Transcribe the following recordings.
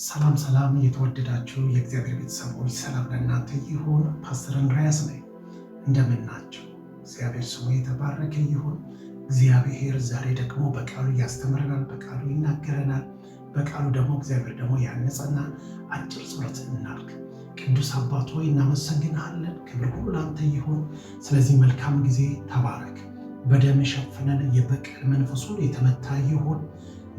ሰላም ሰላም፣ የተወደዳችሁ የእግዚአብሔር ቤተሰቦች ሰላም ለእናንተ ይሁን። ፓስተር እንድርያስ ነኝ። እንደምን ናቸው? እግዚአብሔር ስሙ የተባረከ ይሁን። እግዚአብሔር ዛሬ ደግሞ በቃሉ ያስተምረናል፣ በቃሉ ይናገረናል፣ በቃሉ ደግሞ እግዚአብሔር ደግሞ ያነጸና አጭር ጸሎት እናልክ። ቅዱስ አባት ሆይ እናመሰግናለን፣ ክብር ሁሉ ላንተ ይሁን። ስለዚህ መልካም ጊዜ ተባረክ። በደም የሸፈነን የበቀል መንፈሱ የተመታ ይሁን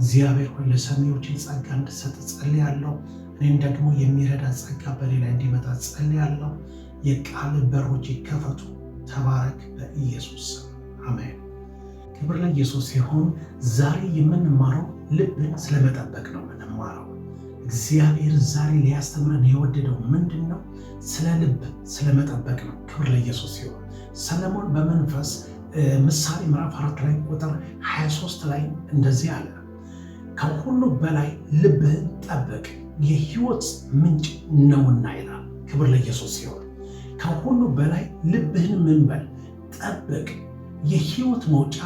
እግዚአብሔር ሆይ ለሰሚዎች ጸጋ እንድሰጥ ጸልያለሁ። እኔም ደግሞ የሚረዳ ጸጋ በሌላ እንዲመጣ ጸልያለሁ። የቃል በሮች ይከፈቱ። ተባረክ በኢየሱስ አሜን። ክብር ለኢየሱስ ሲሆን ዛሬ የምንማረው ልብን ስለመጠበቅ ነው የምንማረው። እግዚአብሔር ዛሬ ሊያስተምረን የወደደው ምንድን ነው? ስለ ልብ ስለመጠበቅ ነው። ክብር ለኢየሱስ ሲሆን ሰለሞን በመንፈስ ምሳሌ ምዕራፍ አራት ላይ ቁጥር 23 ላይ እንደዚህ አለ ከሁሉ በላይ ልብህን ጠብቅ የህይወት ምንጭ ነውና ይላል። ክብር ለኢየሱስ ሲሆን ከሁሉ በላይ ልብህን ምንበል ጠብቅ የህይወት መውጫ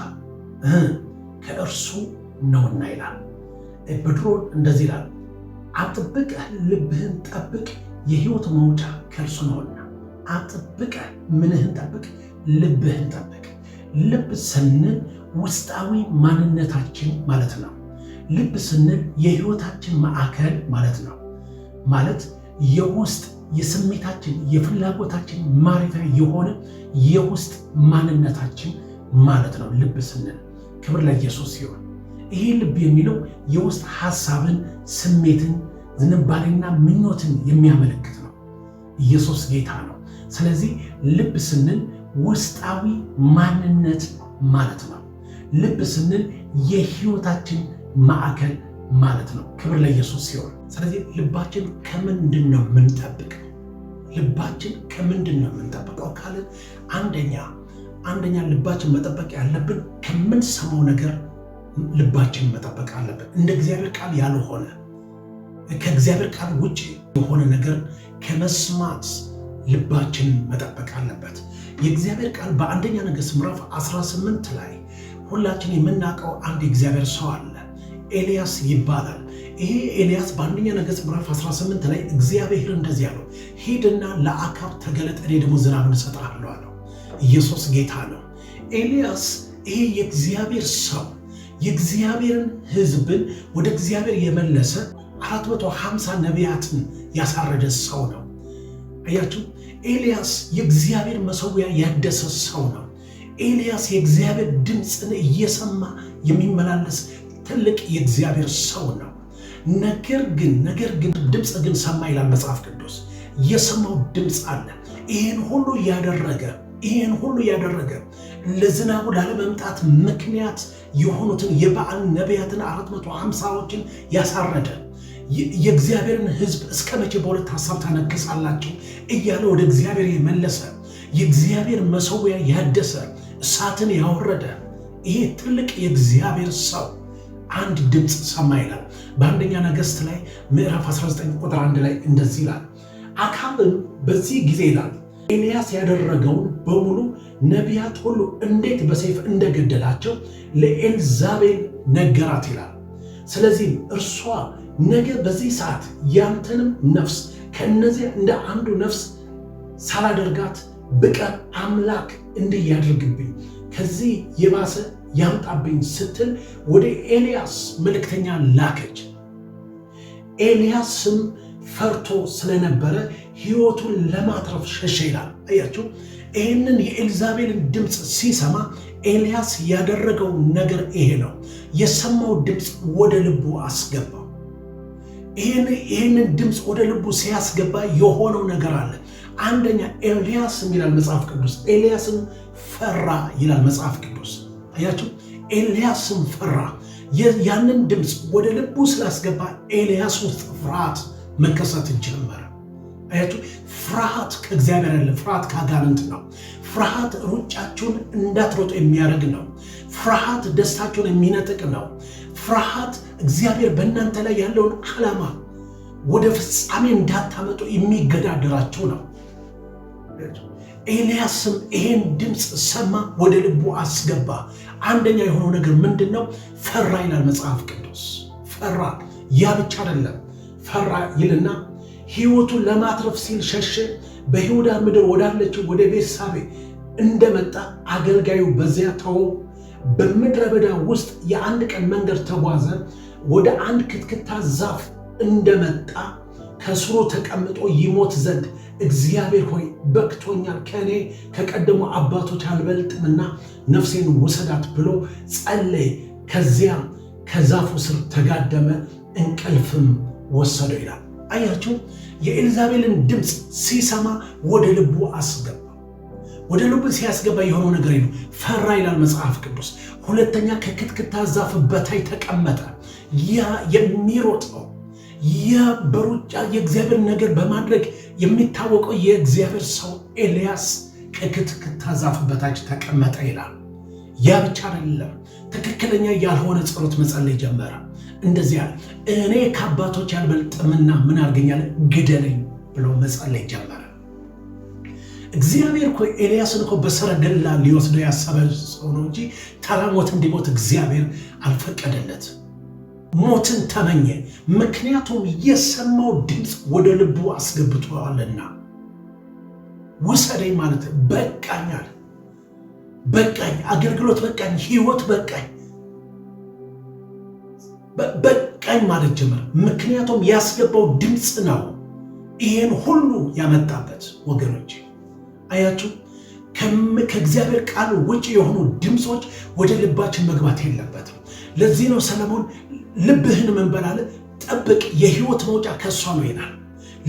ከእርሱ ነውና ይላል። በድሮን እንደዚህ ይላል፣ አጥብቀህ ልብህን ጠብቅ የህይወት መውጫ ከእርሱ ነውና። አጥብቀህ ምንህን ጠብቅ? ልብህን ጠብቅ። ልብ ስንል ውስጣዊ ማንነታችን ማለት ነው። ልብ ስንል የህይወታችን ማዕከል ማለት ነው። ማለት የውስጥ የስሜታችን የፍላጎታችን ማረፊያ የሆነ የውስጥ ማንነታችን ማለት ነው። ልብ ስንል ክብር ለኢየሱስ ሲሆን ይሄ ልብ የሚለው የውስጥ ሐሳብን፣ ስሜትን፣ ዝንባሌና ምኞትን የሚያመለክት ነው። ኢየሱስ ጌታ ነው። ስለዚህ ልብ ስንል ውስጣዊ ማንነት ማለት ነው። ልብ ስንል የህይወታችን ማዕከል ማለት ነው። ክብር ለኢየሱስ ሲሆን፣ ስለዚህ ልባችን ከምንድን ነው የምንጠብቀው? ልባችን ከምንድን ነው የምንጠብቀው ካለ አንደኛ አንደኛ ልባችን መጠበቅ ያለብን ከምንሰማው ነገር ልባችን መጠበቅ አለብን። እንደ እግዚአብሔር ቃል ያልሆነ ከእግዚአብሔር ቃል ውጭ የሆነ ነገር ከመስማት ልባችን መጠበቅ አለበት። የእግዚአብሔር ቃል በአንደኛ ነገሥት ምዕራፍ 18 ላይ ሁላችን የምናውቀው አንድ የእግዚአብሔር ሰው አለ ኤልያስ ይባላል። ይሄ ኤልያስ በአንደኛ ነገሥት ምዕራፍ 18 ላይ እግዚአብሔር እንደዚህ አለው፣ ሂድና ለአካብ ተገለጥ፣ እኔ ደግሞ ዝናብን እሰጥሃለሁ አለው። ኢየሱስ ጌታ ነው። ኤልያስ ይሄ የእግዚአብሔር ሰው የእግዚአብሔርን ሕዝብን ወደ እግዚአብሔር የመለሰ 450 ነቢያትን ያሳረደ ሰው ነው። አያችሁ፣ ኤልያስ የእግዚአብሔር መሰዊያ ያደሰ ሰው ነው። ኤልያስ የእግዚአብሔር ድምፅን እየሰማ የሚመላለስ ትልቅ የእግዚአብሔር ሰው ነው። ነገር ግን ነገር ግን ድምፅ ግን ሰማ ይላል መጽሐፍ ቅዱስ። የሰማው ድምፅ አለ። ይህን ሁሉ ያደረገ ይህን ሁሉ ያደረገ ለዝናቡ ላለመምጣት ምክንያት የሆኑትን የበዓል ነቢያትን አራት መቶ ሀምሳዎችን ያሳረደ የእግዚአብሔርን ሕዝብ እስከ መቼ በሁለት ሀሳብ ታነግሳላችሁ እያለ ወደ እግዚአብሔር የመለሰ የእግዚአብሔር መሰዊያ ያደሰ እሳትን ያወረደ ይሄ ትልቅ የእግዚአብሔር ሰው አንድ ድምፅ ሰማ ይላል። በአንደኛ ነገሥት ላይ ምዕራፍ 19 ቁጥር 1 ላይ እንደዚህ ይላል። አካብም በዚህ ጊዜ ይላል ኤልያስ ያደረገውን በሙሉ ነቢያት ሁሉ እንዴት በሰይፍ እንደገደላቸው ለኤልዛቤል ነገራት ይላል። ስለዚህ እርሷ ነገ በዚህ ሰዓት ያንተንም ነፍስ ከእነዚያ እንደ አንዱ ነፍስ ሳላደርጋት ብቀር አምላክ እንዲህ ከዚህ የባሰ ያምጣብኝ ስትል ወደ ኤልያስ መልእክተኛ ላከች። ኤልያስም ፈርቶ ስለነበረ ሕይወቱን ለማትረፍ ሸሸ ይላል። አያችሁ፣ ይህንን የኤልዛቤልን ድምፅ ሲሰማ ኤልያስ ያደረገው ነገር ይሄ ነው። የሰማው ድምፅ ወደ ልቡ አስገባው። ይህንን ድምፅ ወደ ልቡ ሲያስገባ የሆነው ነገር አለ። አንደኛ ኤልያስም ይላል መጽሐፍ ቅዱስ ኤልያስም ፈራ ይላል መጽሐፍ ቅዱስ አያቸው። ኤልያስን ፈራ። ያንን ድምፅ ወደ ልቡ ስላስገባ ኤልያስ ውስጥ ፍርሃት መከሰትን ጀመረ። አያችሁ፣ ፍርሃት ከእግዚአብሔር ያለ ፍርሃት ከአጋንንት ነው። ፍርሃት ሩጫችሁን እንዳትሮጡ የሚያደርግ ነው። ፍርሃት ደስታችሁን የሚነጥቅ ነው። ፍርሃት እግዚአብሔር በእናንተ ላይ ያለውን ዓላማ ወደ ፍጻሜ እንዳታመጡ የሚገዳደራችሁ ነው። ኤልያስም ይሄን ድምፅ ሰማ፣ ወደ ልቡ አስገባ። አንደኛ የሆነው ነገር ምንድን ነው? ፈራ ይላል መጽሐፍ ቅዱስ። ፈራ። ያ ብቻ አይደለም። ፈራ ይልና ሕይወቱን ለማትረፍ ሲል ሸሸ። በይሁዳ ምድር ወዳለችው ወደ ቤርሳቤ እንደመጣ አገልጋዩ በዚያ ተው። በምድረ በዳ ውስጥ የአንድ ቀን መንገድ ተጓዘ። ወደ አንድ ክትክታ ዛፍ እንደመጣ ከስሩ ተቀምጦ ይሞት ዘንድ እግዚአብሔር ሆይ በቅቶኛል፣ ከእኔ ከቀደሙ አባቶች አልበልጥምና ነፍሴን ውሰዳት ብሎ ጸለይ። ከዚያ ከዛፉ ስር ተጋደመ፣ እንቅልፍም ወሰደው ይላል። አያችሁ፣ የኤልዛቤልን ድምፅ ሲሰማ ወደ ልቡ አስገባ። ወደ ልቡ ሲያስገባ የሆነው ነገር የሉ ፈራ ይላል መጽሐፍ ቅዱስ። ሁለተኛ ከክትክታ ዛፍ በታይ ተቀመጠ። ያ የሚሮጠው ያ በሩጫ የእግዚአብሔር ነገር በማድረግ የሚታወቀው የእግዚአብሔር ሰው ኤልያስ ከክትክታ ዛፍ በታች ተቀመጠ ይላል። ያ ብቻ አይደለም፣ ትክክለኛ ያልሆነ ጸሎት መጸለይ ጀመረ። እንደዚያ እኔ ከአባቶች ያልበልጥምና ምን አርገኛል ግደለኝ ብሎ መጸለይ ጀመረ። እግዚአብሔር እኮ ኤልያስን እኮ በሰረገላ ሊወስደው ያሰበ ሰው ነው እንጂ ተራ ሞት እንዲሞት እግዚአብሔር አልፈቀደለት። ሞትን ተመኘ፣ ምክንያቱም የሰማው ድምፅ ወደ ልቡ አስገብቶዋልና። ውሰደኝ ማለት በቃኝ አለ። በቃኝ፣ አገልግሎት በቃኝ፣ ህይወት በቃኝ፣ በቃኝ ማለት ጀመረ። ምክንያቱም ያስገባው ድምፅ ነው ይህን ሁሉ ያመጣበት። ወገኖች አያችሁ፣ ከእግዚአብሔር ቃል ውጭ የሆኑ ድምፆች ወደ ልባችን መግባት የለበትም። ለዚህ ነው ሰለሞን ልብህን መንበላለ ጠብቅ፣ የህይወት መውጫ ከእሷ ነው ይላል።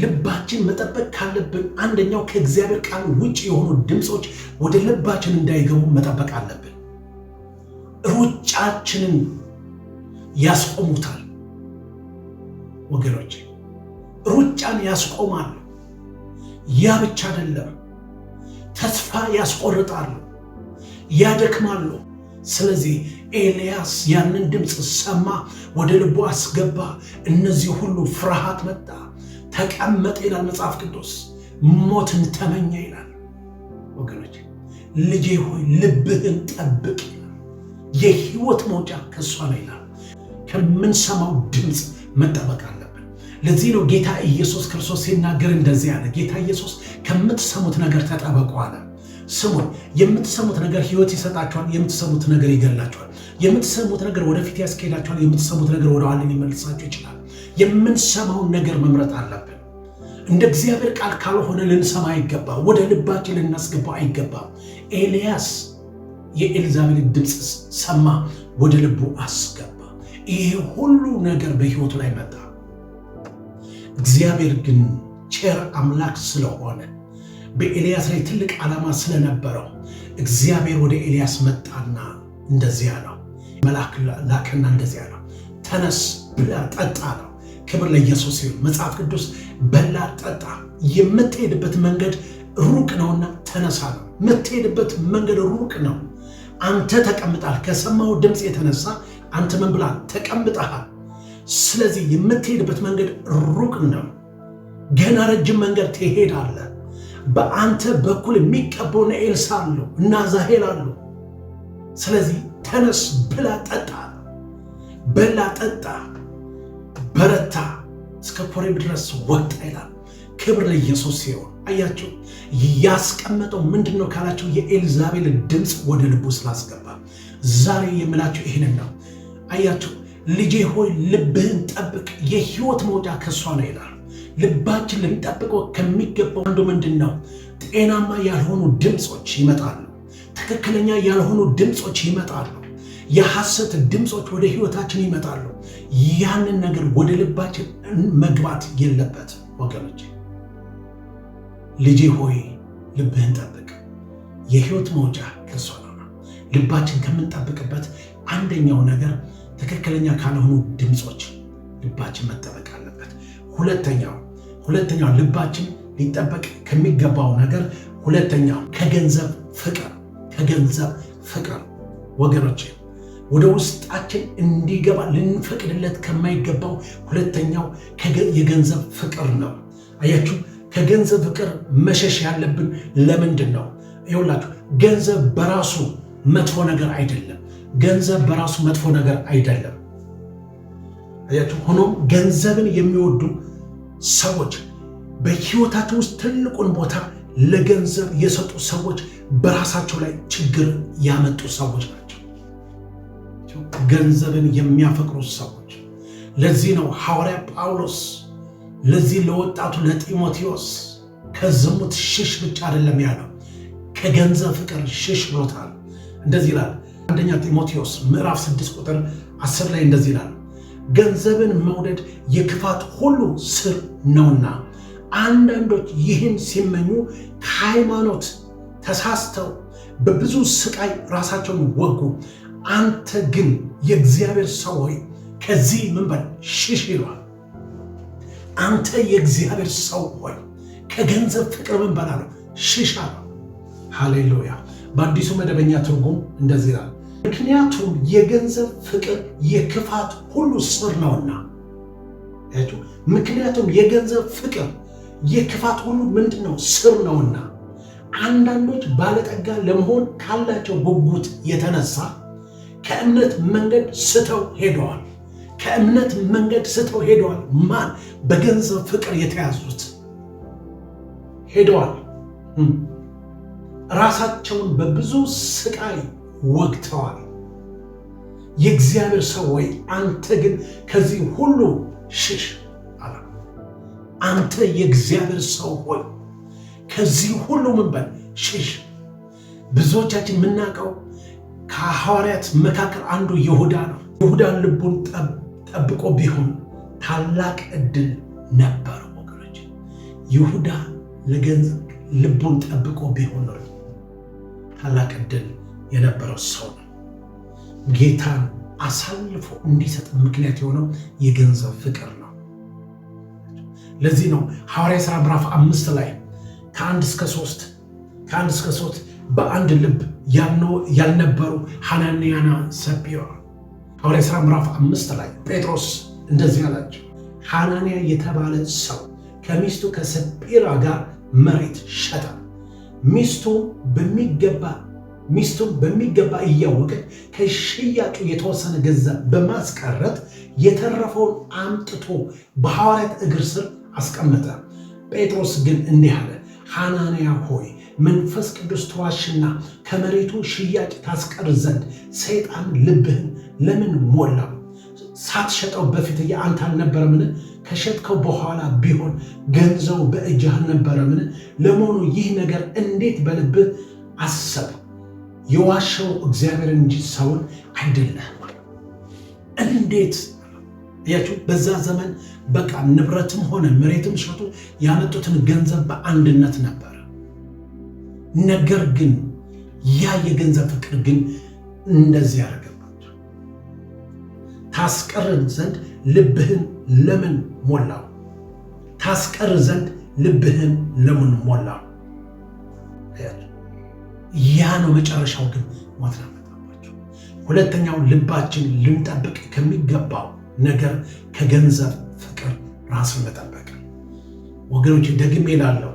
ልባችን መጠበቅ ካለብን አንደኛው ከእግዚአብሔር ቃል ውጭ የሆኑ ድምፆች ወደ ልባችን እንዳይገቡ መጠበቅ አለብን። ሩጫችንን ያስቆሙታል ወገኖች፣ ሩጫን ያስቆማሉ። ያ ብቻ አይደለም፣ ተስፋ ያስቆርጣሉ፣ ያደክማሉ። ስለዚህ ኤልያስ ያንን ድምፅ ሰማ፣ ወደ ልቡ አስገባ። እነዚህ ሁሉ ፍርሃት መጣ፣ ተቀመጠ ይላል መጽሐፍ ቅዱስ። ሞትን ተመኘ ይላል። ወገኖች ልጄ ሆይ ልብህን ጠብቅ የህይወት መውጫ ከእሷ ላይ ይላል። ከምንሰማው ድምፅ መጠበቅ አለብን። ለዚህ ነው ጌታ ኢየሱስ ክርስቶስ ሲናገር እንደዚህ አለ። ጌታ ኢየሱስ ከምትሰሙት ነገር ተጠበቁ አለ። ስሙን። የምትሰሙት ነገር ህይወት ይሰጣችኋል፣ የምትሰሙት ነገር ይገላችኋል። የምትሰሙት ነገር ወደፊት ያስኬዳችኋል፣ የምትሰሙት ነገር ወደ ኋላ ሊመልሳችሁ ይችላል። የምንሰማውን ነገር መምረጥ አለብን። እንደ እግዚአብሔር ቃል ካልሆነ ልንሰማ አይገባም። ወደ ልባችን ልናስገባው አይገባም። ኤልያስ የኤልዛቤል ድምፅ ሰማ፣ ወደ ልቡ አስገባ። ይሄ ሁሉ ነገር በህይወቱ ላይ መጣ። እግዚአብሔር ግን ቸር አምላክ ስለሆነ በኤልያስ ላይ ትልቅ ዓላማ ስለነበረው እግዚአብሔር ወደ ኤልያስ መጣና እንደዚያ ነው መልአክ ላከና እንደዚያ ነው ተነስ ብላ ጠጣ ነው። ክብር ለኢየሱስ ይሁን። መጽሐፍ ቅዱስ በላ ጠጣ፣ የምትሄድበት መንገድ ሩቅ ነውና ተነሳ ነው። የምትሄድበት መንገድ ሩቅ ነው። አንተ ተቀምጣል። ከሰማው ድምፅ የተነሳ አንተ ምን ብላ ተቀምጠሃል። ስለዚህ የምትሄድበት መንገድ ሩቅ ነው። ገና ረጅም መንገድ ትሄዳለህ። በአንተ በኩል የሚቀበውና ኤልሳ አሉ እና ዛሄል አሉ። ስለዚህ ተነስ፣ ብላ፣ ጠጣ። በላ፣ ጠጣ፣ በረታ፣ እስከ ኮሬብ ድረስ ወጣ ይላል። ክብር ለኢየሱስ ሲሆን አያቸው ያስቀመጠው ምንድን ነው ካላቸው የኤልዛቤል ድምፅ ወደ ልቡ ስላስገባ ዛሬ የምላቸው ይህንን ነው። አያቸው ልጄ ሆይ ልብህን ጠብቅ፣ የህይወት መውጫ ከሷ ነው ይላል። ልባችን ልንጠብቀው ከሚገባው አንዱ ምንድን ነው? ጤናማ ያልሆኑ ድምፆች ይመጣሉ። ትክክለኛ ያልሆኑ ድምፆች ይመጣሉ። የሐሰት ድምፆች ወደ ህይወታችን ይመጣሉ። ያንን ነገር ወደ ልባችን መግባት የለበት ወገኖች። ልጄ ሆይ ልብህን ጠብቅ፣ የህይወት መውጫ እርሷ ነው። ልባችን ከምንጠብቅበት አንደኛው ነገር ትክክለኛ ካልሆኑ ድምፆች ልባችን መጠበቅ አለበት። ሁለተኛው ሁለተኛው ልባችን ሊጠበቅ ከሚገባው ነገር ሁለተኛው ከገንዘብ ፍቅር፣ ከገንዘብ ፍቅር ወገኖች ወደ ውስጣችን እንዲገባ ልንፈቅድለት ከማይገባው ሁለተኛው የገንዘብ ፍቅር ነው። አያችሁ፣ ከገንዘብ ፍቅር መሸሽ ያለብን ለምንድን ነው? ይኸውላችሁ ገንዘብ በራሱ መጥፎ ነገር አይደለም። ገንዘብ በራሱ መጥፎ ነገር አይደለም። አያችሁ፣ ሆኖም ገንዘብን የሚወዱ ሰዎች በህይወታቸው ውስጥ ትልቁን ቦታ ለገንዘብ የሰጡ ሰዎች በራሳቸው ላይ ችግር ያመጡ ሰዎች ናቸው። ገንዘብን የሚያፈቅሩ ሰዎች። ለዚህ ነው ሐዋርያ ጳውሎስ ለዚህ ለወጣቱ ለጢሞቴዎስ ከዝሙት ሽሽ ብቻ አይደለም ያለው፣ ከገንዘብ ፍቅር ሽሽ ብሎታል። እንደዚህ ይላል አንደኛ ጢሞቴዎስ ምዕራፍ 6 ቁጥር 10 ላይ እንደዚህ ይላል ገንዘብን መውደድ የክፋት ሁሉ ስር ነውና አንዳንዶች ይህን ሲመኙ ከሃይማኖት ተሳስተው በብዙ ስቃይ ራሳቸውን ወጉ። አንተ ግን የእግዚአብሔር ሰው ሆይ ከዚህ ምንበል ሽሽ ይሏል። አንተ የእግዚአብሔር ሰው ሆይ ከገንዘብ ፍቅር ምንበል አለው ሽሽ ሃሌሉያ! በአዲሱ መደበኛ ትርጉም እንደዚህ ይላል ምክንያቱም የገንዘብ ፍቅር የክፋት ሁሉ ስር ነውና። ምክንያቱም የገንዘብ ፍቅር የክፋት ሁሉ ምንድን ነው? ስር ነውና። አንዳንዶች ባለጠጋ ለመሆን ካላቸው ጉጉት የተነሳ ከእምነት መንገድ ስተው ሄደዋል። ከእምነት መንገድ ስተው ሄደዋል። ማን? በገንዘብ ፍቅር የተያዙት ሄደዋል። ራሳቸውን በብዙ ስቃይ ወግተዋል። የእግዚአብሔር ሰው ወይ አንተ ግን ከዚህ ሁሉ ሽሽ አለ። አንተ የእግዚአብሔር ሰው ሆይ ከዚህ ሁሉ ምን በል ሽሽ። ብዙዎቻችን የምናውቀው ከሐዋርያት መካከል አንዱ ይሁዳ ነው። ይሁዳ ልቡን ጠብቆ ቢሆን ታላቅ እድል ነበረ። ወገኖች ይሁዳ ልቡን ጠብቆ ቢሆን ታላቅ እድል የነበረው ሰው ነው። ጌታን አሳልፎ እንዲሰጥ ምክንያት የሆነው የገንዘብ ፍቅር ነው። ለዚህ ነው ሐዋርያ ሥራ ምዕራፍ አምስት ላይ ከአንድ እስከ ሶስት ከአንድ እስከ ሶስት በአንድ ልብ ያልነበሩ ሐናንያና ሰጲራ ሐዋርያ ሥራ ምዕራፍ አምስት ላይ ጴጥሮስ እንደዚህ አላቸው። ሐናንያ የተባለ ሰው ከሚስቱ ከሰጲራ ጋር መሬት ሸጠ። ሚስቱ በሚገባ ሚስቱን በሚገባ እያወቀ ከሽያጩ የተወሰነ ገንዘብ በማስቀረት የተረፈውን አምጥቶ በሐዋርያት እግር ስር አስቀመጠ። ጴጥሮስ ግን እንዲህ አለ፣ ሐናንያ ሆይ መንፈስ ቅዱስ ተዋሽና ከመሬቱ ሽያጭ ታስቀር ዘንድ ሰይጣን ልብህን ለምን ሞላው? ሳትሸጠው በፊት የአንተ አልነበረምን? ከሸጥከው በኋላ ቢሆን ገንዘቡ በእጅህ አልነበረምን? ለመሆኑ ይህ ነገር እንዴት በልብህ አሰብ የዋሸው እግዚአብሔርን እንጂ ሰውን አይደለም። እንዴት እያችሁ በዛ ዘመን በቃ ንብረትም ሆነ መሬትም ሸጡ ያመጡትን ገንዘብ በአንድነት ነበር። ነገር ግን ያ የገንዘብ ፍቅር ግን እንደዚህ ያደርገባቸው ታስቀርን ዘንድ ልብህን ለምን ሞላው? ታስቀር ዘንድ ልብህን ለምን ሞላው? ያ ነው መጨረሻው። ግን ማትና መጣባቸው። ሁለተኛው ልባችን ልንጠብቅ ከሚገባው ነገር ከገንዘብ ፍቅር ራስን መጠበቅ። ወገኖች ደግሜ እላለሁ፣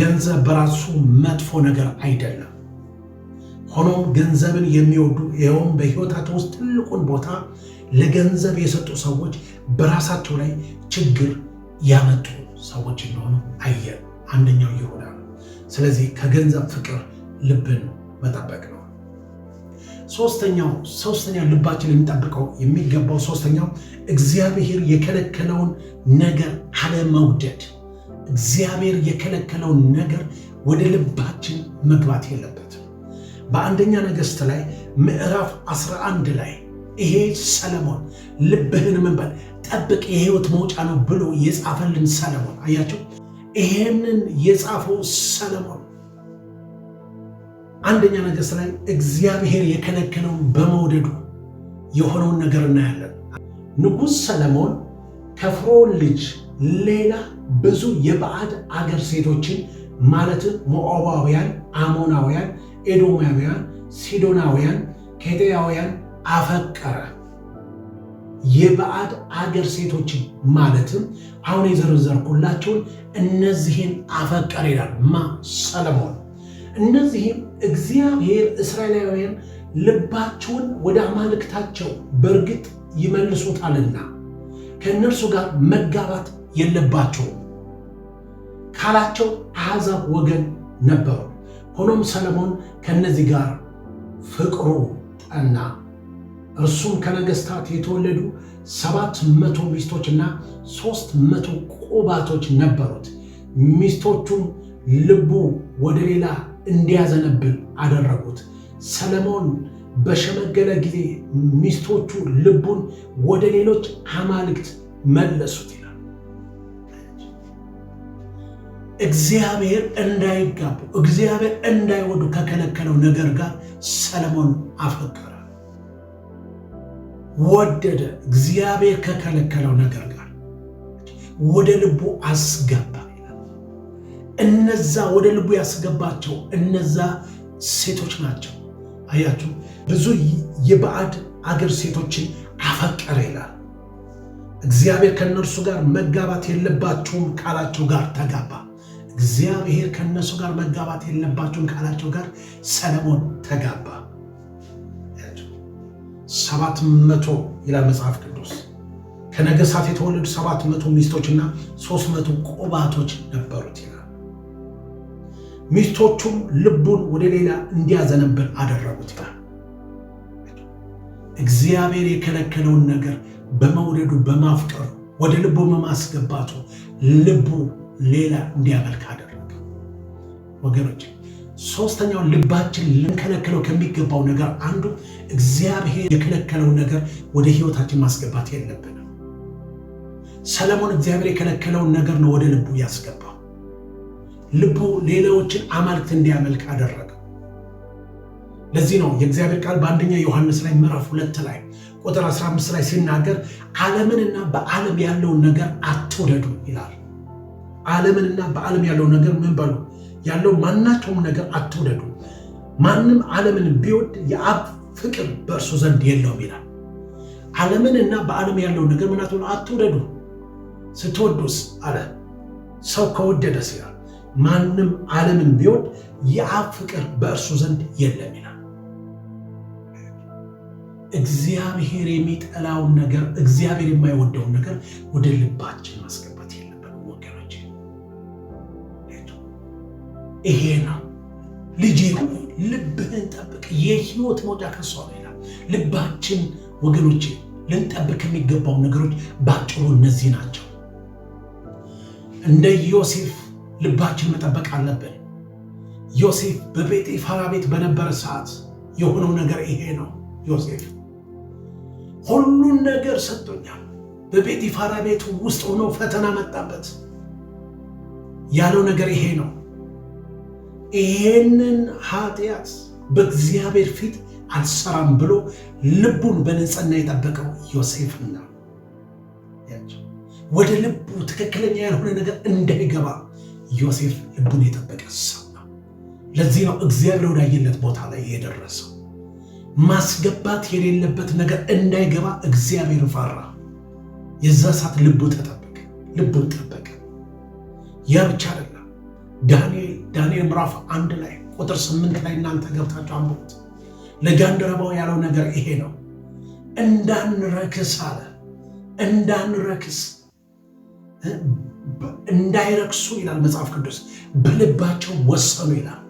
ገንዘብ በራሱ መጥፎ ነገር አይደለም። ሆኖም ገንዘብን የሚወዱ ይኸውም በሕይወታቸው ውስጥ ትልቁን ቦታ ለገንዘብ የሰጡ ሰዎች በራሳቸው ላይ ችግር ያመጡ ሰዎች እንደሆኑ አየ አንደኛው ይሆናል። ስለዚህ ከገንዘብ ፍቅር ልብን መጠበቅ ነው። ሶስተኛው ሶስተኛው ልባችን የሚጠብቀው የሚገባው ሶስተኛው እግዚአብሔር የከለከለውን ነገር አለመውደድ። እግዚአብሔር የከለከለውን ነገር ወደ ልባችን መግባት የለበትም። በአንደኛ ነገሥት ላይ ምዕራፍ 11 ላይ ይሄ ሰለሞን ልብህን መንበል ጠብቅ፣ የህይወት መውጫ ነው ብሎ የጻፈልን ሰለሞን አያቸው። ይሄንን የጻፈው ሰለሞን አንደኛ ነገሥት ላይ እግዚአብሔር የከለከለውን በመውደዱ የሆነውን ነገር እናያለን። ንጉሥ ሰለሞን ከፍርዖን ልጅ ሌላ ብዙ የባዕድ አገር ሴቶችን ማለትም ሞዓባውያን፣ አሞናውያን፣ ኤዶማውያን፣ ሲዶናውያን፣ ኬጤያውያን አፈቀረ። የባዕድ አገር ሴቶችን ማለትም አሁን የዘረዘርኩላቸውን እነዚህን አፈቀረ ይላል ማ ሰለሞን። እነዚህም እግዚአብሔር እስራኤላውያን ልባቸውን ወደ አማልክታቸው በእርግጥ ይመልሱታልና ከእነርሱ ጋር መጋባት የለባቸውም ካላቸው አሕዛብ ወገን ነበሩ። ሆኖም ሰለሞን ከእነዚህ ጋር ፍቅሩ ጠና። እርሱም ከነገሥታት የተወለዱ ሰባት መቶ ሚስቶችና ሦስት መቶ ቁባቶች ነበሩት። ሚስቶቹም ልቡ ወደ ሌላ እንዲያዘነብል አደረጉት። ሰለሞን በሸመገለ ጊዜ ሚስቶቹ ልቡን ወደ ሌሎች አማልክት መለሱት ይላል። እግዚአብሔር እንዳይጋቡ እግዚአብሔር እንዳይወዱ ከከለከለው ነገር ጋር ሰለሞን አፈቀረ፣ ወደደ። እግዚአብሔር ከከለከለው ነገር ጋር ወደ ልቡ አስገባ። እነዛ ወደ ልቡ ያስገባቸው እነዛ ሴቶች ናቸው። አያችሁ ብዙ የባዕድ አገር ሴቶችን አፈቀረ ይላል። እግዚአብሔር ከእነርሱ ጋር መጋባት የለባችሁም ቃላቸው ጋር ተጋባ። እግዚአብሔር ከእነሱ ጋር መጋባት የለባችሁም ቃላቸው ጋር ሰለሞን ተጋባ። ሰባት መቶ ይላል መጽሐፍ ቅዱስ ከነገሳት የተወለዱ ሰባት መቶ ሚስቶችና ሶስት መቶ ቁባቶች ነበሩት ይላል። ሚስቶቹም ልቡን ወደ ሌላ እንዲያዘነብል አደረጉት ይላል። እግዚአብሔር የከለከለውን ነገር በመውደዱ በማፍቀሩ ወደ ልቡ በማስገባቱ ልቡ ሌላ እንዲያመልክ አደረገ። ወገኖች ሶስተኛው ልባችን ልንከለከለው ከሚገባው ነገር አንዱ እግዚአብሔር የከለከለውን ነገር ወደ ህይወታችን ማስገባት የለብንም። ሰለሞን እግዚአብሔር የከለከለውን ነገር ነው ወደ ልቡ ያስገባው። ልቡ ሌላዎችን አማልክት እንዲያመልክ አደረገ። ለዚህ ነው የእግዚአብሔር ቃል በአንደኛ ዮሐንስ ላይ ምዕራፍ ሁለት ላይ ቁጥር 15 ላይ ሲናገር ዓለምንና በዓለም ያለውን ነገር አትውደዱ ይላል። ዓለምንና በዓለም ያለውን ነገር ምን በሉ ያለው ማናቸውም ነገር አትውደዱ። ማንም ዓለምን ቢወድ የአብ ፍቅር በእርሱ ዘንድ የለውም ይላል። አለምንና በዓለም ያለውን ነገር ምናት አትውደዱ። ስትወዱስ አለ ሰው ከወደደስ ይላል ማንም ዓለምን ቢወድ የአብ ፍቅር በእርሱ ዘንድ የለም ይላል። እግዚአብሔር የሚጠላውን ነገር እግዚአብሔር የማይወደውን ነገር ወደ ልባችን ማስገባት የለበትም ወገኖች። ይሄ ነው ልጅ ሆይ ልብህን ጠብቅ፣ የህይወት መውጫ ከሷ ነው ይላል። ልባችን ወገኖች ልንጠብቅ የሚገባው ነገሮች ባጭሩ እነዚህ ናቸው። እንደ ዮሴፍ ልባችን መጠበቅ አለብን። ዮሴፍ በቤጤፋራ ቤት በነበረ ሰዓት የሆነው ነገር ይሄ ነው። ዮሴፍ ሁሉን ነገር ሰጥቶኛል። በቤጤፋራ ቤት ውስጥ ሆኖ ፈተና መጣበት። ያለው ነገር ይሄ ነው። ይሄንን ኃጢአት በእግዚአብሔር ፊት አልሰራም ብሎ ልቡን በንጽህና የጠበቀው ዮሴፍና ወደ ልቡ ትክክለኛ ያልሆነ ነገር እንዳይገባ ዮሴፍ ልቡን የጠበቀ ሰው ነው። ለዚህ ነው እግዚአብሔር ወዳየለት ቦታ ላይ የደረሰው። ማስገባት የሌለበት ነገር እንዳይገባ እግዚአብሔር ፈራ። የዛ ሰዓት ልቡ ተጠበቀ፣ ልቡ ጠበቀ። ያ ብቻ አይደለም። ዳንኤል ዳንኤል ምዕራፍ አንድ ላይ ቁጥር ስምንት ላይ እናንተ ገብታችሁ አንብቡት። ለጃንደረባው ያለው ነገር ይሄ ነው። እንዳንረክስ አለ እንዳንረክስ እንዳይረክሱ ይላል መጽሐፍ ቅዱስ በልባቸው ወሰኑ ይላል።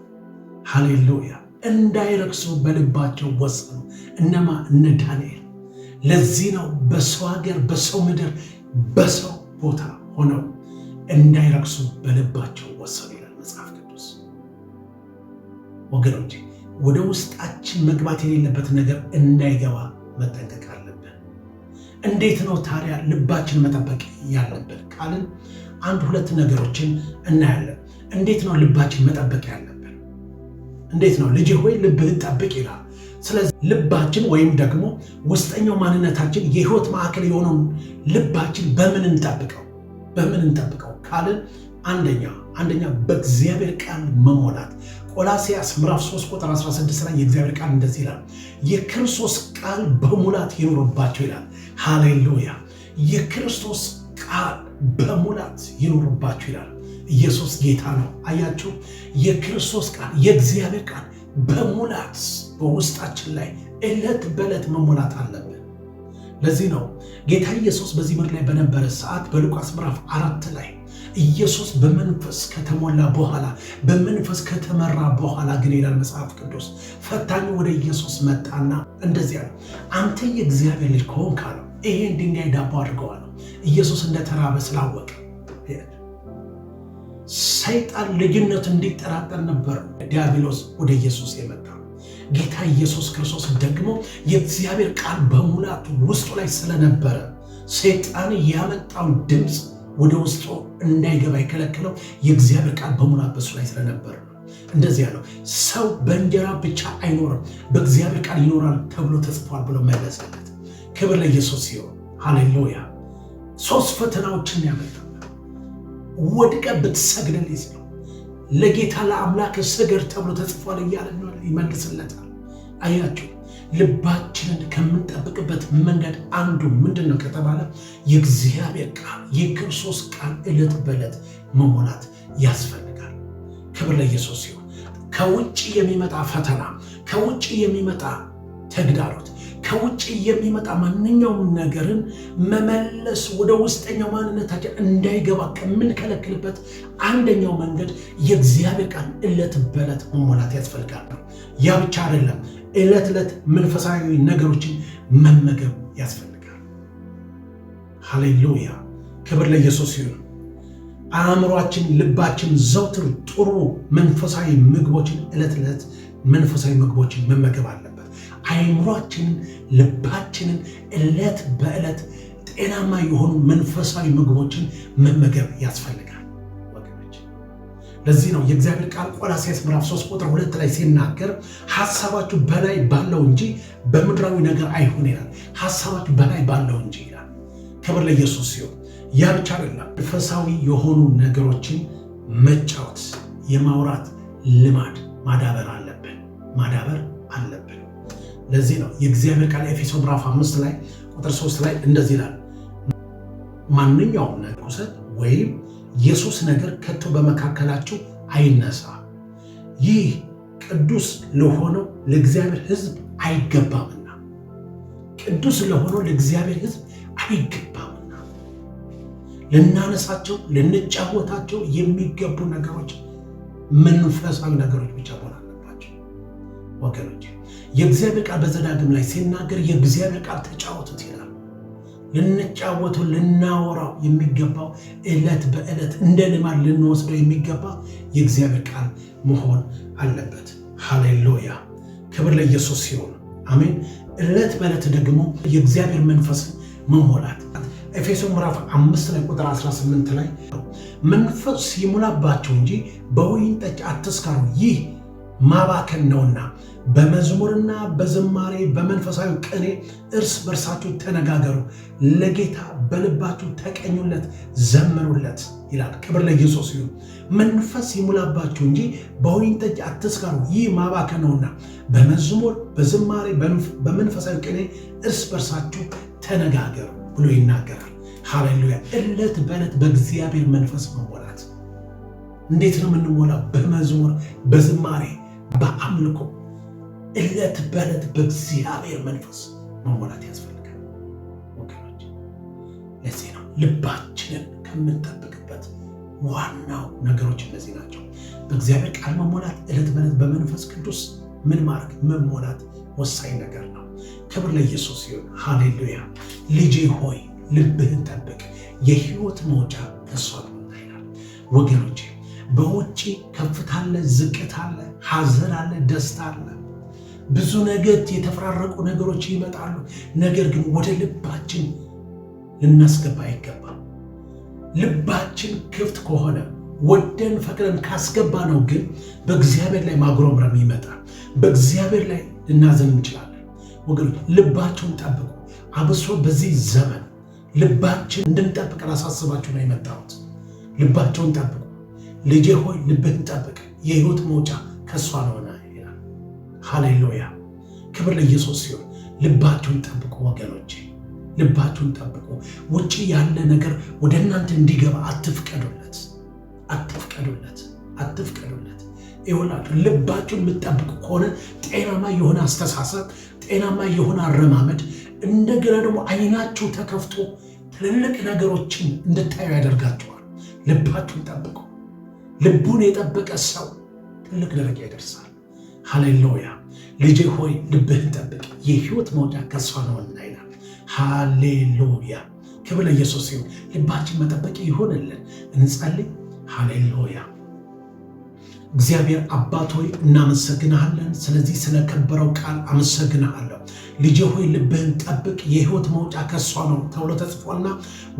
ሃሌሉያ እንዳይረክሱ በልባቸው ወሰኑ። እነማ እነ ዳንኤል። ለዚህ ነው በሰው ሀገር፣ በሰው ምድር፣ በሰው ቦታ ሆነው እንዳይረክሱ በልባቸው ወሰኑ ይላል መጽሐፍ ቅዱስ። ወገኖች ወደ ውስጣችን መግባት የሌለበት ነገር እንዳይገባ መጠንቀቅ አለብን። እንዴት ነው ታዲያ ልባችን መጠበቅ ያለብን ካልን አንድ ሁለት ነገሮችን እናያለን። እንዴት ነው ልባችን መጠበቅ ያለብን? እንዴት ነው ልጅ ሆይ ልብህን ጠብቅ ይላል። ስለዚህ ልባችን ወይም ደግሞ ውስጠኛው ማንነታችን የህይወት ማዕከል የሆነውን ልባችን በምን እንጠብቀው በምን እንጠብቀው ካልን አንደኛ አንደኛ በእግዚአብሔር ቃል መሞላት ቆላሲያስ ምዕራፍ 3 ቁጥር 16 ላይ የእግዚአብሔር ቃል እንደዚህ ይላል፣ የክርስቶስ ቃል በሙላት ይኖርባቸው ይላል። ሃሌሉያ! የክርስቶስ ቃል በሙላት ይኖርባችሁ ይላል። ኢየሱስ ጌታ ነው። አያችሁ፣ የክርስቶስ ቃል የእግዚአብሔር ቃል በሙላት በውስጣችን ላይ ዕለት በዕለት መሞላት አለብን። ለዚህ ነው ጌታ ኢየሱስ በዚህ ምድር ላይ በነበረ ሰዓት በሉቃስ ምዕራፍ አራት ላይ ኢየሱስ በመንፈስ ከተሞላ በኋላ በመንፈስ ከተመራ በኋላ ግን ይላል መጽሐፍ ቅዱስ ፈታኝ ወደ ኢየሱስ መጣና እንደዚያ አንተ የእግዚአብሔር ልጅ ከሆንክ አለው ይሄን ድንጋይ ዳቦ አድርገዋል። ኢየሱስ እንደተራበ ስላወቀ ሰይጣን ልጅነት እንዲጠራጠር ነበር ዲያብሎስ ወደ ኢየሱስ የመጣ። ጌታ ኢየሱስ ክርስቶስ ደግሞ የእግዚአብሔር ቃል በሙላቱ ውስጡ ላይ ስለነበረ ሰይጣን ያመጣው ድምፅ ወደ ውስጡ እንዳይገባ የከለከለው የእግዚአብሔር ቃል በሙላት በሱ ላይ ስለነበር እንደዚህ ያለው ሰው በእንጀራ ብቻ አይኖርም በእግዚአብሔር ቃል ይኖራል ተብሎ ተጽፏል ብሎ መለሰለት። ክብር ለኢየሱስ ሲሆን ሃሌሉያ። ሶስት ፈተናዎችን ያመጣበት ወድቀ ብትሰግደን ይዝ ነው። ለጌታ ለአምላክ ስገድ ተብሎ ተጽፏል እያለ ይመልስለታል። አያችሁ ልባችንን ከምንጠብቅበት መንገድ አንዱ ምንድን ነው ከተባለ የእግዚአብሔር ቃል የክርስቶስ ቃል እለት በለት መሞላት ያስፈልጋል። ክብር ለኢየሱስ ሲሆን ከውጭ የሚመጣ ፈተና ከውጭ የሚመጣ ተግዳሮት ከውጭ የሚመጣ ማንኛውም ነገርን መመለስ ወደ ውስጠኛው ማንነታችን እንዳይገባ ከምንከለክልበት አንደኛው መንገድ የእግዚአብሔር ቃል እለት በለት መሞላት ያስፈልጋል። ያ ብቻ አይደለም፣ እለት ዕለት መንፈሳዊ ነገሮችን መመገብ ያስፈልጋል። ሃሌሉያ! ክብር ለኢየሱስ ይሁን። አእምሯችን፣ ልባችን ዘውትር ጥሩ መንፈሳዊ ምግቦችን እለት ዕለት መንፈሳዊ ምግቦችን መመገብ አለ አይምሯችንን፣ ልባችንን እለት በእለት ጤናማ የሆኑ መንፈሳዊ ምግቦችን መመገብ ያስፈልጋል ወገኖች። ለዚህ ነው የእግዚአብሔር ቃል ቆላሴስ ምዕራፍ 3 ቁጥር 2 ላይ ሲናገር ሀሳባችሁ በላይ ባለው እንጂ በምድራዊ ነገር አይሁን ይላል። ሀሳባችሁ በላይ ባለው እንጂ ይላል። ክብር ለኢየሱስ ሲሆን ያ ብቻ አይደለም። መንፈሳዊ የሆኑ ነገሮችን መጫወት የማውራት ልማድ ማዳበር አለብን ማዳበር አለብን። ለዚህ ነው የእግዚአብሔር ቃል ኤፌሶ ምዕራፍ አምስት ላይ ቁጥር ሶስት ላይ እንደዚህ ይላል፣ ማንኛውም ርኩሰት ወይም የሱስ ነገር ከቶ በመካከላቸው አይነሳ፣ ይህ ቅዱስ ለሆነው ለእግዚአብሔር ሕዝብ አይገባምና። ቅዱስ ለሆነው ለእግዚአብሔር ሕዝብ አይገባምና። ልናነሳቸው ልንጫወታቸው የሚገቡ ነገሮች መንፈሳዊ ነገሮች ብቻ መሆን አለባቸው ወገኖች። የእግዚአብሔር ቃል በዘዳግም ላይ ሲናገር የእግዚአብሔር ቃል ተጫወቱት ይላል። ልንጫወቱ ልናወራው የሚገባው ዕለት በዕለት እንደ ልማድ ልንወስደው የሚገባ የእግዚአብሔር ቃል መሆን አለበት። ሃሌሉያ! ክብር ለኢየሱስ ሲሆን አሜን። ዕለት በዕለት ደግሞ የእግዚአብሔር መንፈስን መሞላት ኤፌሶ ምዕራፍ 5 ላይ ቁጥር 18 ላይ መንፈስ ሲሙላባቸው እንጂ በወይን ጠጅ አትስከሩ፣ ይህ ማባከን ነውና በመዝሙርና በዝማሬ በመንፈሳዊ ቅኔ እርስ በርሳችሁ ተነጋገሩ፣ ለጌታ በልባችሁ ተቀኙለት፣ ዘምሩለት ይላል። ክብር ለኢየሱስ ይሁን። መንፈስ ይሙላባችሁ እንጂ በወይን ጠጅ አትስካሩ፣ ይህ ማባከ ነውና። በመዝሙር በዝማሬ በመንፈሳዊ ቅኔ እርስ በርሳችሁ ተነጋገሩ ብሎ ይናገራል። ሃሌሉያ! እለት በእለት በእግዚአብሔር መንፈስ መሞላት እንዴት ነው የምንሞላው? በመዝሙር በዝማሬ በአምልኮ እለት በእለት በእግዚአብሔር መንፈስ መሞላት ያስፈልጋል ወገኖች። ለዚህ ነው ልባችንን ከምንጠብቅበት ዋናው ነገሮች እነዚህ ናቸው። በእግዚአብሔር ቃል መሞላት፣ እለት በእለት በመንፈስ ቅዱስ ምን ማድረግ መሞላት ወሳኝ ነገር ነው። ክብር ለኢየሱስ ይሁን። ሃሌሉያ። ልጄ ሆይ ልብህን ጠብቅ፣ የህይወት መውጫ ከሷ ይላል። ወገኖቼ በውጭ ከፍታ አለ፣ ዝቅታ ሀዘን አለ፣ ደስታ አለ ብዙ ነገር የተፈራረቁ ነገሮች ይመጣሉ። ነገር ግን ወደ ልባችን ልናስገባ አይገባም። ልባችን ክፍት ከሆነ ወደን ፈቅደን ካስገባ ነው ግን በእግዚአብሔር ላይ ማጉረምረም ይመጣል። በእግዚአብሔር ላይ ልናዘን እንችላለን። ወገኖች ልባችሁን ጠብቁ። አብሶ በዚህ ዘመን ልባችን እንድንጠብቅ ላሳስባችሁ ነው የመጣሁት። ልባቸውን ጠብቁ። ልጄ ሆይ ልብህን ጠብቅ፣ የህይወት መውጫ ከእሷ ነውና ሃሌሉያ! ክብር ለኢየሱስ ሲሆን ልባችሁን ጠብቁ ወገኖቼ፣ ልባችሁን ጠብቁ። ውጭ ያለ ነገር ወደ እናንተ እንዲገባ አትፍቀዱለት፣ አትፍቀዱለት፣ አትፍቀዱለት። ይሆናችሁ ልባችሁን የምትጠብቁ ከሆነ ጤናማ የሆነ አስተሳሰብ፣ ጤናማ የሆነ አረማመድ፣ እንደገና ደግሞ አይናችሁ ተከፍቶ ትልልቅ ነገሮችን እንድታዩ ያደርጋቸዋል። ልባችሁን ጠብቁ። ልቡን የጠበቀ ሰው ትልቅ ደረጃ ይደርሳል። ሃሌሉያ። ልጄ ሆይ ልብህን ጠብቅ፣ የህይወት መውጫ ከእሷ ነውና ይላል። ሃሌሉያ። ክብር ለኢየሱስ ሲሆን ልባችን መጠበቅ ይሆንልን። እንጸልይ። ሃሌሉያ። እግዚአብሔር አባት ሆይ እናመሰግንሃለን። ስለዚህ ስለከበረው ቃል አመሰግንሃለሁ። ልጄ ሆይ ልብህን ጠብቅ የህይወት መውጫ ከሷ ነው ተብሎ ተጽፎና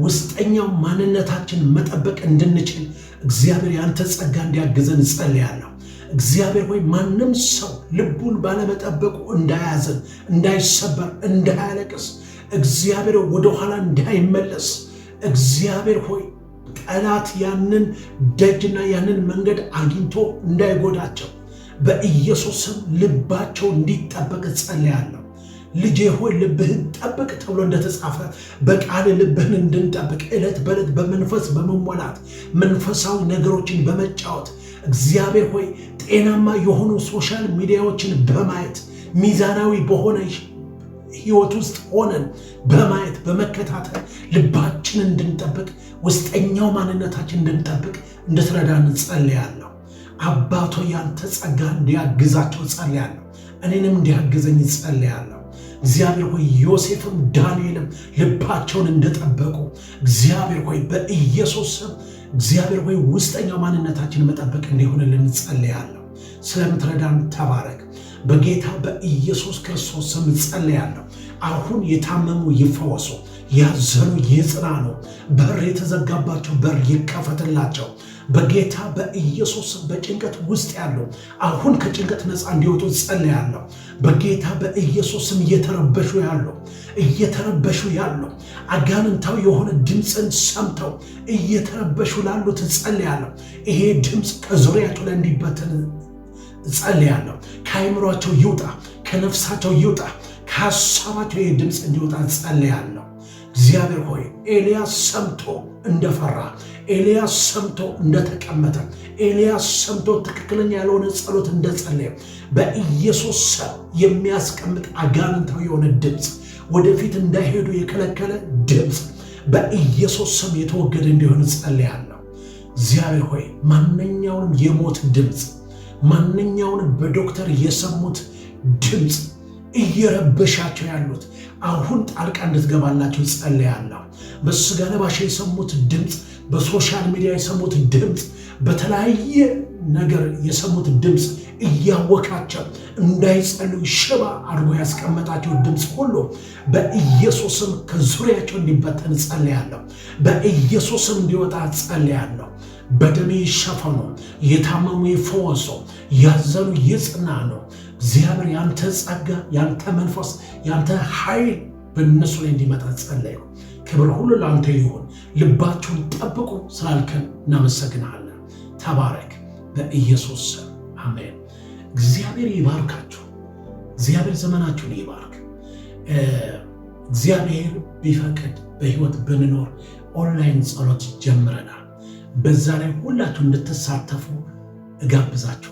ውስጠኛው ማንነታችን መጠበቅ እንድንችል እግዚአብሔር ያንተ ጸጋ እንዲያግዘን እጸልያለሁ። እግዚአብሔር ሆይ ማንም ሰው ልቡን ባለመጠበቁ እንዳያዘን፣ እንዳይሰበር፣ እንዳያለቅስ እግዚአብሔር ወደኋላ እንዳይመለስ እግዚአብሔር ሆይ ጠላት ያንን ደጅና ያንን መንገድ አግኝቶ እንዳይጎዳቸው በኢየሱስም ልባቸው እንዲጠበቅ ጸልያለሁ። ልጄ ሆይ ልብህን ጠብቅ ተብሎ እንደተጻፈ በቃል ልብህን እንድንጠብቅ ዕለት በዕለት በመንፈስ በመሞላት መንፈሳዊ ነገሮችን በመጫወት እግዚአብሔር ሆይ ጤናማ የሆኑ ሶሻል ሚዲያዎችን በማየት ሚዛናዊ በሆነ ህይወት ውስጥ ሆነን በማየት በመከታተል ልባችንን እንድንጠብቅ ውስጠኛው ማንነታችን እንድንጠብቅ እንድትረዳን እንጸልያለሁ። አባቶ ያንተ ጸጋ እንዲያግዛቸው ጸልያለሁ። እኔንም እንዲያግዘኝ ጸልያለሁ። እግዚአብሔር ሆይ ዮሴፍም ዳንኤልም ልባቸውን እንደጠበቁ እግዚአብሔር ሆይ በኢየሱስ ስም እግዚአብሔር ወይ ውስጠኛው ማንነታችን መጠበቅ እንዲሆንልን ጸልያለሁ። ስለምትረዳን ተባረክ። በጌታ በኢየሱስ ክርስቶስ ስም ጸልያለሁ። አሁን የታመሙ ይፈወሱ። ያዘኑ ይጽና ነው። በር የተዘጋባቸው በር ይከፈትላቸው በጌታ በኢየሱስ በጭንቀት ውስጥ ያለው አሁን ከጭንቀት ነፃ እንዲወጡ ጸልያለሁ። በጌታ በኢየሱስም እየተረበሹ ያለው እየተረበሹ ያለው አጋንንታዊ የሆነ ድምፅን ሰምተው እየተረበሹ ላሉት ጸልያለሁ። ይሄ ድምፅ ከዙሪያቸው ላይ እንዲበትን ጸልያለሁ። ከአይምሯቸው ይውጣ፣ ከነፍሳቸው ይውጣ፣ ከሀሳባቸው ይሄ ድምፅ እንዲወጣ ጸልያለሁ። እግዚአብሔር ሆይ ኤልያስ ሰምቶ እንደፈራ፣ ኤልያስ ሰምቶ እንደተቀመጠ፣ ኤልያስ ሰምቶ ትክክለኛ ያልሆነ ጸሎት እንደጸለየ በኢየሱስ ሰብ የሚያስቀምጥ አጋንንታዊ የሆነ ድምፅ ወደፊት እንዳይሄዱ የከለከለ ድምፅ በኢየሱስ ስም የተወገደ እንዲሆን ጸልያለሁ። እግዚአብሔር ሆይ ማንኛውንም የሞት ድምፅ፣ ማንኛውንም በዶክተር የሰሙት ድምፅ እየረበሻቸው ያሉት አሁን ጣልቃ እንድትገባላቸው ጸልያለሁ። በስጋ ለባሽ የሰሙት ድምፅ፣ በሶሻል ሚዲያ የሰሙት ድምፅ፣ በተለያየ ነገር የሰሙት ድምፅ እያወካቸው እንዳይጸልዩ ሽባ አድርጎ ያስቀመጣቸው ድምፅ ሁሉ በኢየሱስም ከዙሪያቸው እንዲበተን ጸልያለሁ። በኢየሱስም እንዲወጣ ጸልያለሁ። በደሜ ይሸፈኑ፣ የታመሙ ይፈወሱ፣ ያዘኑ ይጽና ነው እግዚአብሔር ያንተ ጸጋ፣ ያንተ መንፈስ፣ ያንተ ኃይል በእነሱ ላይ እንዲመጣ ጸለይኩ። ክብር ሁሉ ለአንተ ይሁን። ልባችሁን ጠብቁ ስላልከን እናመሰግናለን። ተባረክ በኢየሱስ ስም አሜን። እግዚአብሔር ይባርካችሁ። እግዚአብሔር ዘመናችሁን ይባርክ። እግዚአብሔር ቢፈቅድ በህይወት ብንኖር ኦንላይን ጸሎት ጀምረናል። በዛ ላይ ሁላችሁ እንድትሳተፉ እጋብዛችሁ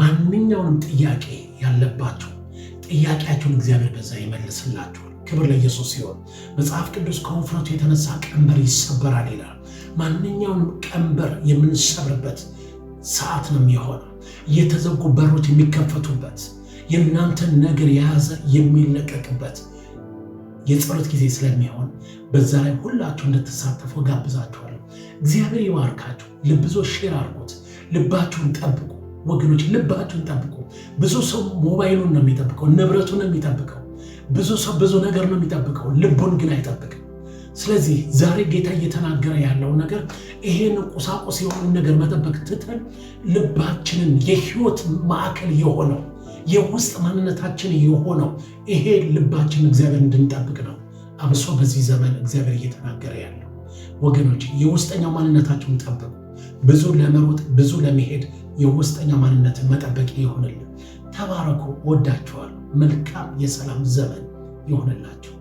ማንኛውንም ጥያቄ ያለባችሁ ጥያቄያችሁን እግዚአብሔር በዛ ይመልስላችኋል። ክብር ለኢየሱስ ሲሆን መጽሐፍ ቅዱስ ከውፍረቱ የተነሳ ቀንበር ይሰበራል ይላል። ማንኛውንም ቀንበር የምንሰብርበት ሰዓት ነው የሚሆነው። የተዘጉ በሮች የሚከፈቱበት የእናንተን ነገር የያዘ የሚለቀቅበት የጸሎት ጊዜ ስለሚሆን በዛ ላይ ሁላችሁ እንድትሳተፉ ጋብዛችኋለሁ። እግዚአብሔር ይባርካችሁ። ልብዞ ሼር አድርጉት። ልባችሁን ጠብቁ። ወገኖች ልባችሁን ጠብቁ። ብዙ ሰው ሞባይሉን ነው የሚጠብቀው፣ ንብረቱን ነው የሚጠብቀው፣ ብዙ ሰው ብዙ ነገር ነው የሚጠብቀው፣ ልቡን ግን አይጠብቅም። ስለዚህ ዛሬ ጌታ እየተናገረ ያለው ነገር ይሄን ቁሳቁስ የሆኑ ነገር መጠበቅ ትተን ልባችንን የህይወት ማዕከል የሆነው የውስጥ ማንነታችን የሆነው ይሄ ልባችን እግዚአብሔር እንድንጠብቅ ነው። አብሶ በዚህ ዘመን እግዚአብሔር እየተናገረ ያለው ወገኖች የውስጠኛው ማንነታችሁን ጠብቁ። ብዙ ለመሮጥ ብዙ ለመሄድ የውስጠኛ ማንነት መጠበቅ ይሆንልን። ተባረኩ። ወዳችኋል። መልካም የሰላም ዘመን ይሆንላችሁ።